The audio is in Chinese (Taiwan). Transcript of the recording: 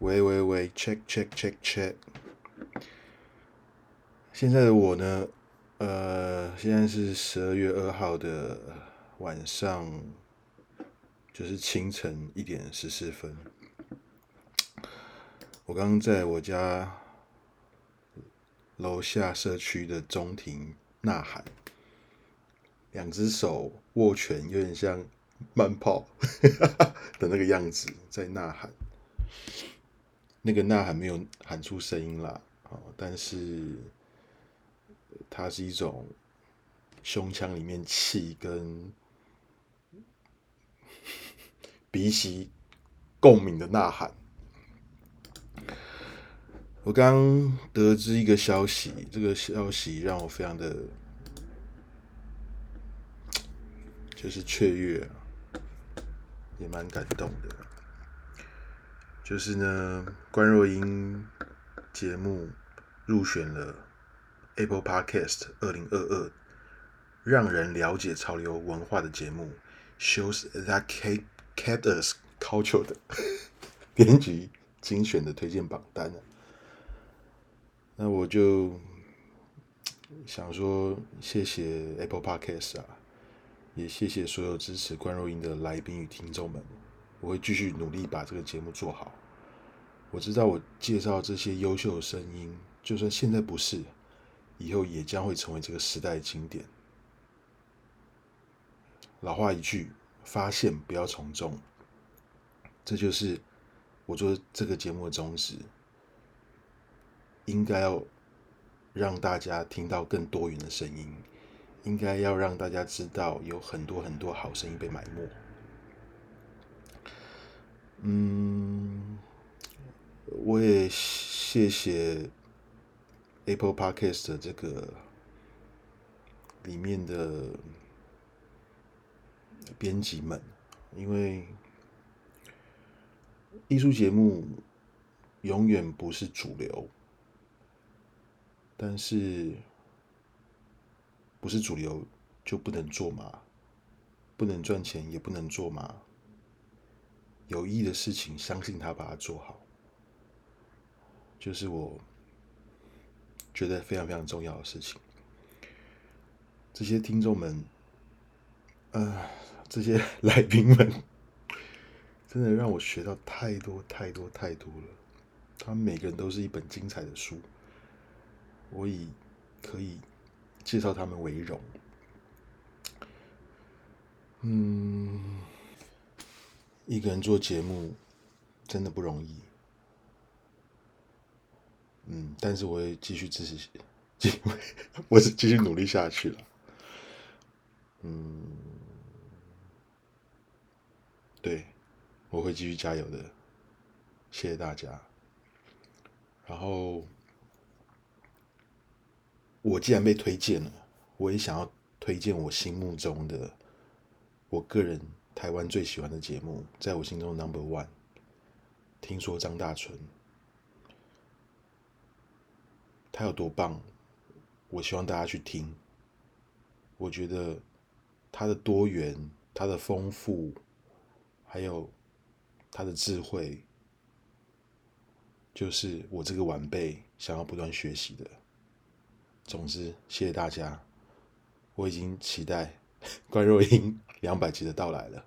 喂喂喂，check check check check。現在的我呢，呃，現在是十二月二號的晚上，就是清晨一點十四分。我剛剛在我家樓下社區的中庭吶喊，兩只手握拳，有點像慢跑 的那個樣子，在吶喊。那個吶喊沒有喊出聲音啦，但是它是一種胸腔裡面氣跟鼻息共鳴的吶喊。我剛得知一個消息，這個消息讓我非常的，就是雀躍啊，也蠻感動的。就是呢，觀弱音節目入選了 Apple Podcast 二零二二讓人了解潮流文化的節目 Shows That Kept Us Cultured 的編輯精選的推薦榜單。那我就想說，謝謝 Apple Podcast 啊，也謝謝所有支持觀弱音的來賓與聽眾們。我會繼續努力把這個節目做好。我知道，我介紹這些優秀的聲音，就算現在不是，以後也將會成為這個時代的經典。老話一句，發現不要從眾，這就是我做這個節目的宗旨。應該要讓大家聽到更多元的聲音，應該要讓大家知道有很多很多好聲音被埋沒。嗯，我也謝謝 Apple Podcast 的，這個裡面的編輯們，因為藝術節目永遠不是主流，但是不是主流就不能做嘛？不能賺錢也不能做嘛？有意義的事情，相信他把它做好，就是我覺得非常非常重要的事情。這些聽眾們，呃，這些來賓們，真的讓我學到太多太多太多了。他們每個人都是一本精彩的書，我以可以介紹他們為榮。嗯。一個人做節目真的不容易，嗯，但是我會繼續支持繼續，我繼續努力下去了，嗯，對，我會繼續加油的，謝謝大家。然後我既然被推薦了，我也想要推薦我心目中的我個人。台灣最喜歡的節目，在我心中的 number one。聽說張大春，他有多棒，我希望大家去聽。我覺得他的多元、他的豐富，還有他的智慧，就是我這個晚輩想要不斷學習的。總之，謝謝大家，我已經期待。觀弱音兩百集的到來了。